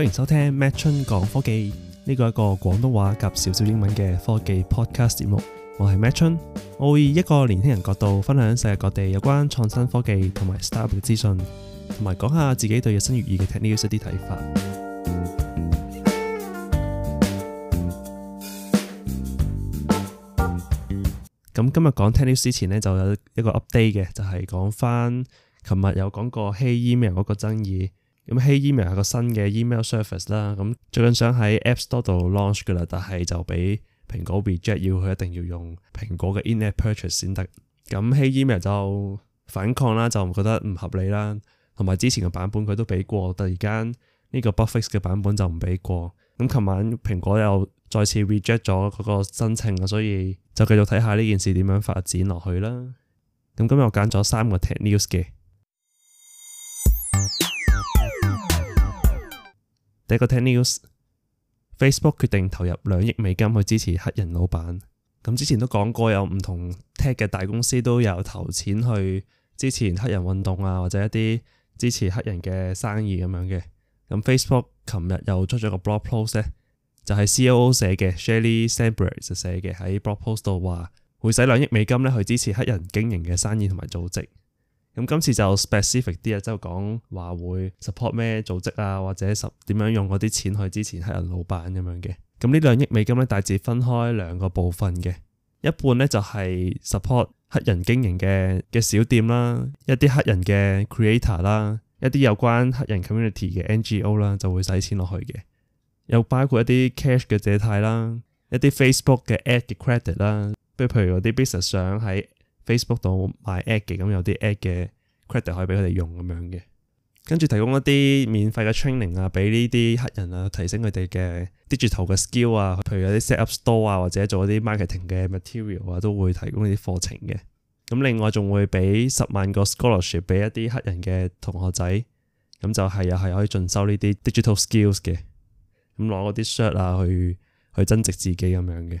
歡迎收聽麥春講科技，呢個係一個廣東話及少少英文嘅科技 podcast 節目。我係麥春，我會以一個年輕人角度分享世界各地有關創新科技同埋 startup 嘅資訊，同埋講下自己對日新月異嘅 technology 一啲睇法。咁 今日講 technology 之前呢，就有一個 update 嘅，就係講翻，琴日有講過，Hey Email 嗰個爭議。咁 Hey Email 係個新嘅 email service 啦，咁最近想喺 App Store 度 launch 噶啦，但係就俾蘋果 reject，要佢一定要用蘋果嘅 in-app purchase 先得、hey, e。咁 Hey Email 就反抗啦，就覺得唔合理啦，同埋之前嘅版本佢都俾過，突然間呢個 bug fix 嘅版本就唔俾過。咁琴晚蘋果又再次 reject 咗嗰個申請，所以就繼續睇下呢件事點樣發展落去啦。咁今日我揀咗三個 tech news 嘅。第一個 tech news，Facebook 決定投入兩億美金去支持黑人老闆。咁之前都講過，有唔同 tech 嘅大公司都有投錢去支持黑人運動啊，或者一啲支持黑人嘅生意咁樣嘅。咁 Facebook 琴日又出咗個 blog post 咧，就係 COO 寫嘅 Sheryl Sandberg 就寫嘅喺 blog post 度話，會使兩億美金咧去支持黑人經營嘅生意同埋組織。咁今次就 specific 啲啊，即係講話會 support 咩組織啊，或者十點樣用嗰啲錢去支持黑人老闆咁樣嘅。咁呢兩億美金咧大致分開兩個部分嘅，一半咧就係 support 黑人經營嘅嘅小店啦，一啲黑人嘅 creator 啦，一啲有關黑人 community 嘅 NGO 啦就會使錢落去嘅，又包括一啲 cash 嘅借貸啦，一啲 Facebook 嘅 ad credit 啦，不譬如嗰啲 business 想喺 Facebook 度買 ad 嘅，咁有啲 ad 嘅 credit 可以俾佢哋用咁樣嘅，跟住提供一啲免費嘅 training 啊，俾呢啲黑人啊，提升佢哋嘅 digital 嘅 skill 啊，譬如有啲 set up store 啊，或者做一啲 marketing 嘅 material 啊，都會提供呢啲課程嘅。咁另外仲會俾十萬個 scholarship 俾一啲黑人嘅同學仔，咁就係又係可以進修呢啲 digital skills 嘅，咁攞嗰啲 shirt 啊去去增值自己咁樣嘅。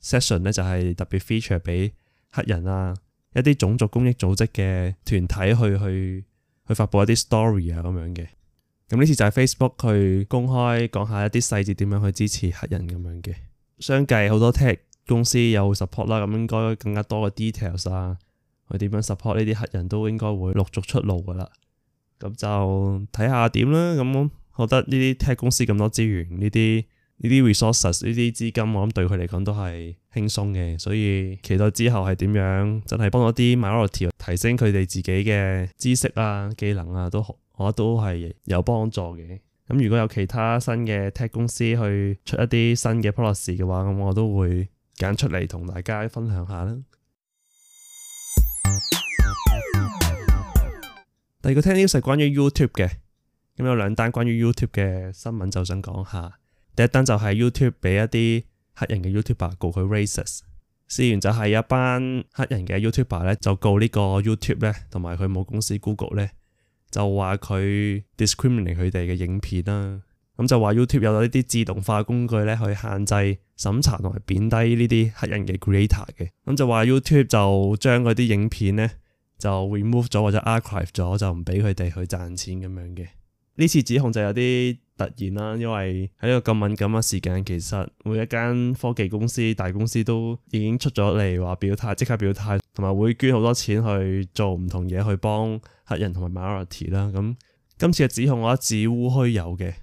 session 咧就係特別 feature 俾黑人啊，一啲種族公益組織嘅團體去去去發布一啲 story 啊咁樣嘅，咁呢次就係 Facebook 去公開講下一啲細節點樣去支持黑人咁樣嘅。相繼好多 tech 公司有 support 啦，咁應該更加多嘅 details 啊，佢點樣 support 呢啲黑人都應該會陸續出爐噶啦。咁就睇下點啦。咁我覺得呢啲 tech 公司咁多資源，呢啲。呢啲 resources，呢啲資金，我諗對佢嚟講都係輕鬆嘅，所以期待之後係點樣真係幫到啲 minority 提升佢哋自己嘅知識啊、技能啊，都我覺得都係有幫助嘅。咁如果有其他新嘅 tech 公司去出一啲新嘅 policy 嘅話，咁我都會揀出嚟同大家分享下啦。 第二個聽就係關於 YouTube 嘅，咁有兩單關於 YouTube 嘅新聞就想講下。第一單就係 YouTube 俾一啲黑人嘅 YouTuber 告佢 racist，事源就係一班黑人嘅 YouTuber 咧就告個呢個 YouTube 咧同埋佢母公司 Google 咧就話佢 discriminate 佢哋嘅影片啦，咁就話 YouTube 有呢啲自動化工具咧去限制審查同埋貶低呢啲黑人嘅 creator 嘅，咁就話 YouTube 就將嗰啲影片咧就 remove 咗或者 archive 咗，就唔俾佢哋去賺錢咁樣嘅。呢次指控就有啲突然啦，因為喺呢個咁敏感嘅時間，其實每一間科技公司、大公司都已經出咗嚟話表態，即刻表態，同埋會捐好多錢去做唔同嘢去幫黑人同埋 minority 啦。咁今次嘅指控我係指烏虛有嘅，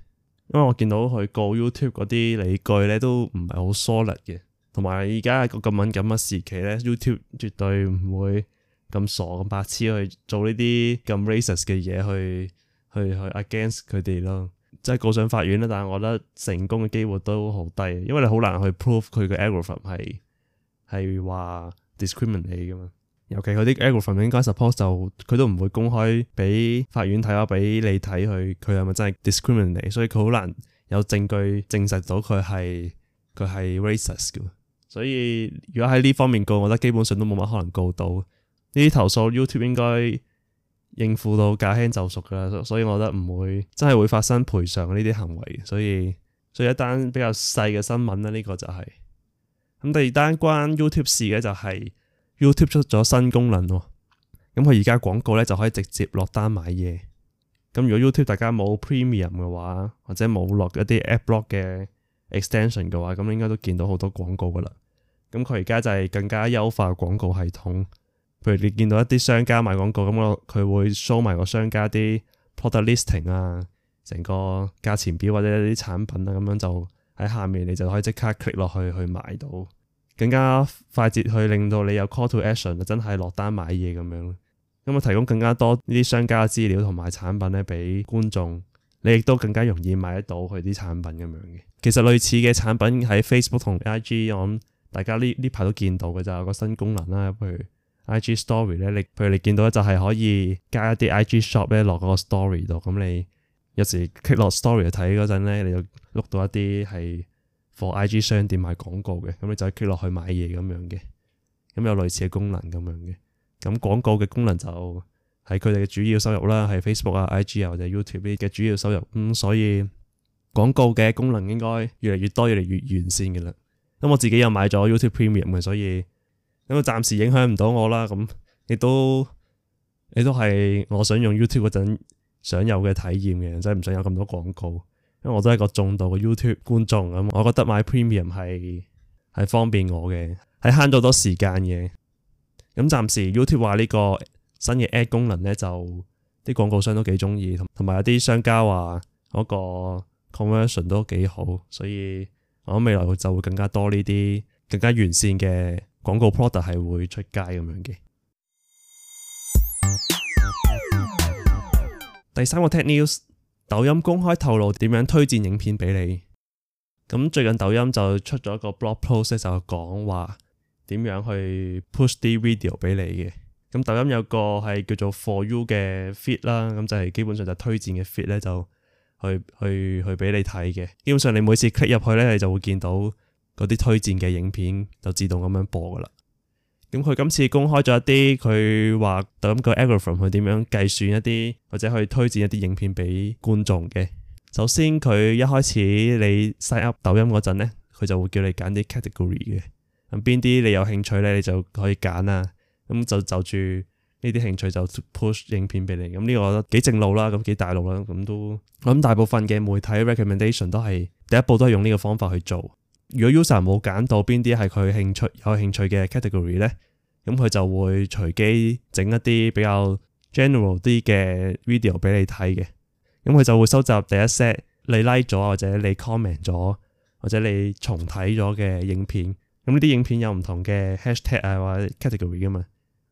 因為我見到佢告 YouTube 嗰啲理據咧都唔係好 solid 嘅，同埋而家喺個咁敏感嘅時期咧，YouTube 絕對唔會咁傻咁白痴去做呢啲咁 racist 嘅嘢去。去去 against 佢哋咯，即係告上法院啦。但係我覺得成功嘅機會都好低，因為你好難去 prove 佢嘅 algorithm 係話 discriminate 咁嘛。尤其佢啲 algorithm 應該 suppose 就佢都唔會公開俾法院睇啊，俾你睇佢佢係咪真係 discriminate？所以佢好難有證據證實到佢係佢係 racist 嘅。所以如果喺呢方面告，我覺得基本上都冇乜可能告到。呢啲投訴 YouTube 應該。應付到駕輕就熟噶啦，所所以我覺得唔會真係會發生賠償呢啲行為，所以所以一單比較細嘅新聞啦，呢個就係咁。第二單關 YouTube 事嘅就係 YouTube 出咗新功能喎，咁佢而家廣告咧就可以直接落單買嘢。咁如果 YouTube 大家冇 Premium 嘅話，或者冇落一啲 AdBlock 嘅 extension 嘅話，咁你應該都見到好多廣告噶啦。咁佢而家就係更加優化廣告系統。譬如你見到一啲商家賣廣告咁咯，佢會 show 埋個商家啲 product listing 啊，成個價錢表或者一啲產品啊，咁樣就喺下面你就可以即刻 click 落去去買到，更加快捷去令到你有 call to action，真係落單買嘢咁樣咯。咁我，提供更加多呢啲商家嘅資料同埋產品咧，俾觀眾你亦都更加容易買得到佢啲產品咁樣嘅。其實類似嘅產品喺 Facebook 同 IG，我諗大家呢呢排都見到嘅就有個新功能啦，譬如～I G Story 咧，你譬如你見到咧，就係可以加一啲 I G shop 咧落嗰個 story 度，咁你有時 click 落 story 睇嗰陣咧，你就碌到一啲係 for I G 商店賣廣告嘅，咁你就 click 落去買嘢咁樣嘅，咁有類似嘅功能咁樣嘅。咁廣告嘅功能就係佢哋嘅主要收入啦，係 Facebook 啊、I G 啊或者 YouTube 啲嘅主要收入。咁、嗯、所以廣告嘅功能應該越嚟越多，越嚟越完善嘅啦。咁我自己又買咗 YouTube Premium 嘅，所以。咁啊，因為暫時影響唔到我啦。咁亦都亦都係我想用 YouTube 陣想有嘅體驗嘅，就係唔想有咁多廣告。因為我都係一個重度嘅 YouTube 觀眾，咁我覺得買 Premium 係係方便我嘅，係慳咗好多時間嘅。咁暫時 YouTube 話呢個新嘅 Ad 功能咧，就啲廣告商都幾中意，同同埋有啲商家話嗰個 conversion 都幾好，所以我諗未來就會更加多呢啲更加完善嘅。廣告 product 係會出街咁樣嘅。第三個 tech news，抖音公開透露點樣推薦影片俾你。咁最近抖音就出咗個 blog post 咧，就講話點樣去 push 啲 video 俾你嘅。咁抖音有個係叫做 For You 嘅 feed 啦，咁就係基本上就推薦嘅 feed 咧，就去去去俾你睇嘅。基本上你每次 click 入去咧，你就會見到。嗰啲推薦嘅影片就自動咁樣播噶啦。咁佢今次公開咗一啲，佢話抖音個 algorithm 去點樣計算一啲或者去推薦一啲影片俾觀眾嘅。首先佢一開始你 sign up 抖音嗰陣咧，佢就會叫你揀啲 category 嘅，咁邊啲你有興趣咧，你就可以揀啦。咁就就住呢啲興趣就 push 影片俾你。咁呢個幾正路啦，咁幾大路啦，咁都我諗大部分嘅媒體 recommendation 都係第一步都係用呢個方法去做。如果 user 冇揀到邊啲係佢興趣有興趣嘅 category 咧，咁佢就會隨機整一啲比較 general 啲嘅 video 俾你睇嘅。咁佢就會收集第一 set 你 like 咗或者你 comment 咗或者你重睇咗嘅影片。咁呢啲影片有唔同嘅 hashtag 啊或者 category 噶嘛，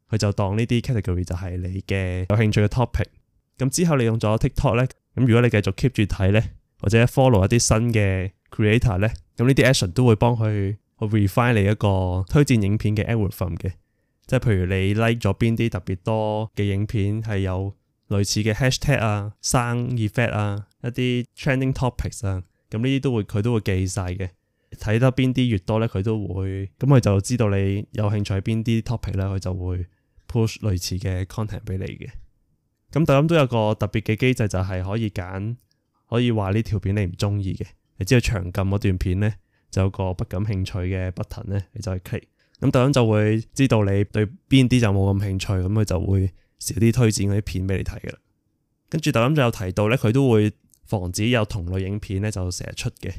佢就當呢啲 category 就係你嘅有興趣嘅 topic。咁之後你用咗 TikTok 咧，咁如果你繼續 keep 住睇咧，或者 follow 一啲新嘅 creator 咧，咁呢啲 action 都會幫佢去 refine 你一個推薦影片嘅 algorithm 嘅，即係譬如你 like 咗邊啲特別多嘅影片，係有類似嘅 hashtag 啊、sound effect 啊、一啲 trending topics 啊，咁呢啲都會佢都會記晒嘅。睇得邊啲越多咧，佢都會咁佢就知道你有興趣邊啲 topic 咧，佢就會 push 類似嘅 content 俾你嘅。咁抖音都有個特別嘅機制，就係、是、可以揀可以話呢條片你唔中意嘅。知道長撳嗰段片呢，就有個不感興趣嘅 button 呢，你就去棄。咁抖音就會知道你對邊啲就冇咁興趣，咁佢就會少啲推薦嗰啲片俾你睇嘅啦。跟住抖音就有提到呢，佢都會防止有同類影片呢就成日出嘅。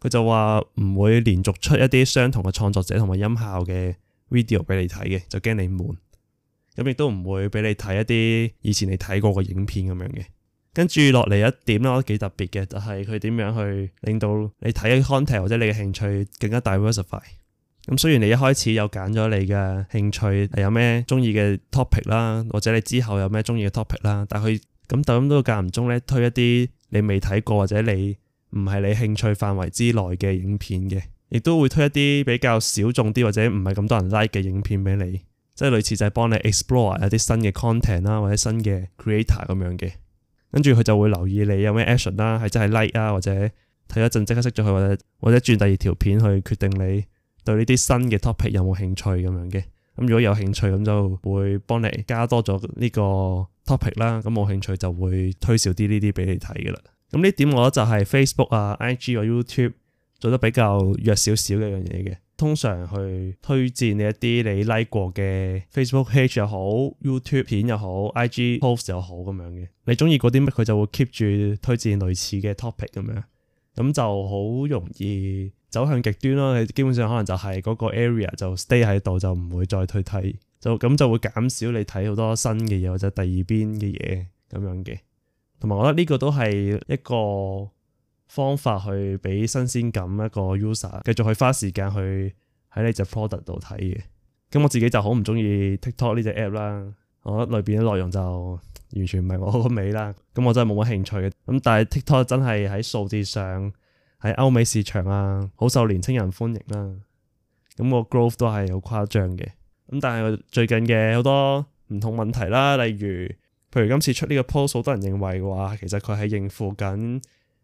佢就話唔會連續出一啲相同嘅創作者同埋音效嘅 video 俾你睇嘅，就驚你悶。咁亦都唔會俾你睇一啲以前你睇過嘅影片咁樣嘅。跟住落嚟一點啦，我覺得幾特別嘅就係佢點樣去令到你睇 content 或者你嘅興趣更加 diversify。咁雖然你一開始有揀咗你嘅興趣有咩中意嘅 topic 啦，或者你之後有咩中意嘅 topic 啦，但佢咁抖音都間唔中咧推一啲你未睇過或者你唔係你興趣範圍之內嘅影片嘅，亦都會推一啲比較小眾啲或者唔係咁多人 like 嘅影片俾你，即係類似就係幫你 explore 一啲新嘅 content 啦，或者新嘅 creator 咁樣嘅。跟住佢就會留意你有咩 action 啦，係真係 like 啊，或者睇一陣即刻熄咗佢，或者或者轉第二條片，去決定你對呢啲新嘅 topic 有冇興趣咁樣嘅。咁如果有興趣，咁就會幫你加多咗呢個 topic 啦。咁冇興趣就會推少啲呢啲俾你睇嘅啦。咁呢點我覺得就係 Facebook 啊、IG 啊、YouTube 做得比較弱少少嘅樣嘢嘅。通常去推薦你一啲你 like 過嘅 Facebook page 又好、YouTube 片又好、IG post 又好咁樣嘅，你中意嗰啲乜，佢就會 keep 住推薦類似嘅 topic 咁樣，咁就好容易走向極端咯。你基本上可能就係嗰個 area 就 stay 喺度，就唔會再退睇，就咁就會減少你睇好多新嘅嘢或者第二邊嘅嘢咁樣嘅。同埋我覺得呢個都係一個方法去俾新鮮感，一個 user 繼續去花時間去喺呢隻 product 度睇嘅，咁我自己就好唔中意 TikTok 呢隻 app 啦，我覺得裏邊嘅內容就完全唔係我個味啦，咁我真係冇乜興趣嘅。咁但係 TikTok 真係喺數字上喺歐美市場啊，好受年輕人歡迎啦、啊，咁個 growth 都係好誇張嘅。咁但係最近嘅好多唔同問題啦，例如譬如今次出呢個 post，好多人認為嘅話，其實佢係應付緊。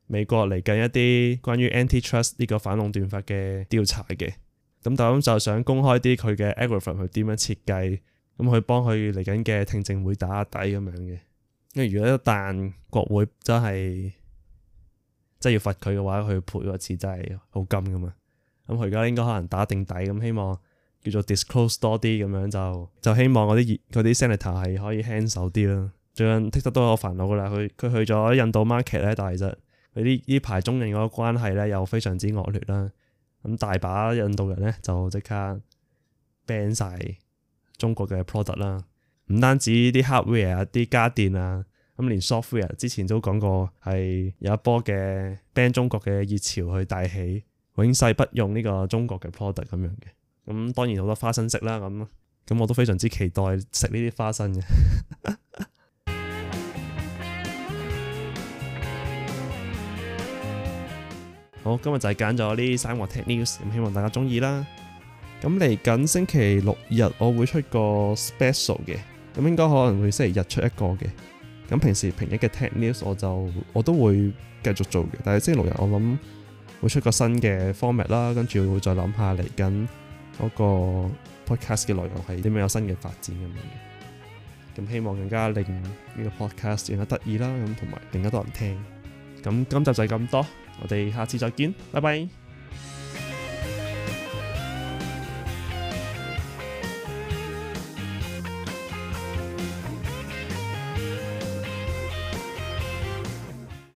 美國嚟緊一啲關於 anti-trust 呢個反壟斷法嘅調查嘅，咁咁就想公開啲佢嘅 algorithm 去點樣設計，咁去幫佢嚟緊嘅聽證會打底咁樣嘅。因為如果一旦國會真係真係要罰佢嘅話，佢賠個錢真係好金噶嘛。咁佢而家應該可能打定底咁，希望叫做 disclose 多啲咁樣就就希望嗰啲嗰啲 senator 係可以輕手啲啦。最近 TikTok 都好煩惱噶啦，佢佢去咗印度 market 咧，但係就。呢排中印嗰個關係咧又非常之惡劣啦，咁、嗯、大把印度人咧就即刻 ban 晒中國嘅 product 啦，唔單止啲 hardware 啊、啲家電啊，咁、嗯、連 software 之前都講過係有一波嘅 ban 中國嘅熱潮去帶起，永世不用呢個中國嘅 product 咁樣嘅，咁、嗯、當然好多花生食啦，咁、嗯、咁、嗯、我都非常之期待食呢啲花生嘅。 好，今日就係揀咗呢三個 tech news，咁希望大家中意啦。咁嚟緊星期六日我會出個 special 嘅，咁應該可能會星期日出一個嘅。咁平時平日嘅 tech news 我就我都會繼續做嘅，但係星期六日我諗會出個新嘅 format 啦，跟住會再諗下嚟緊嗰個 podcast 嘅內容係啲咩，有新嘅發展咁樣嘅。咁希望更加令呢個 podcast 更加得意啦，咁同埋更加多人聽。咁今集就係咁多。我哋下次再見，拜拜。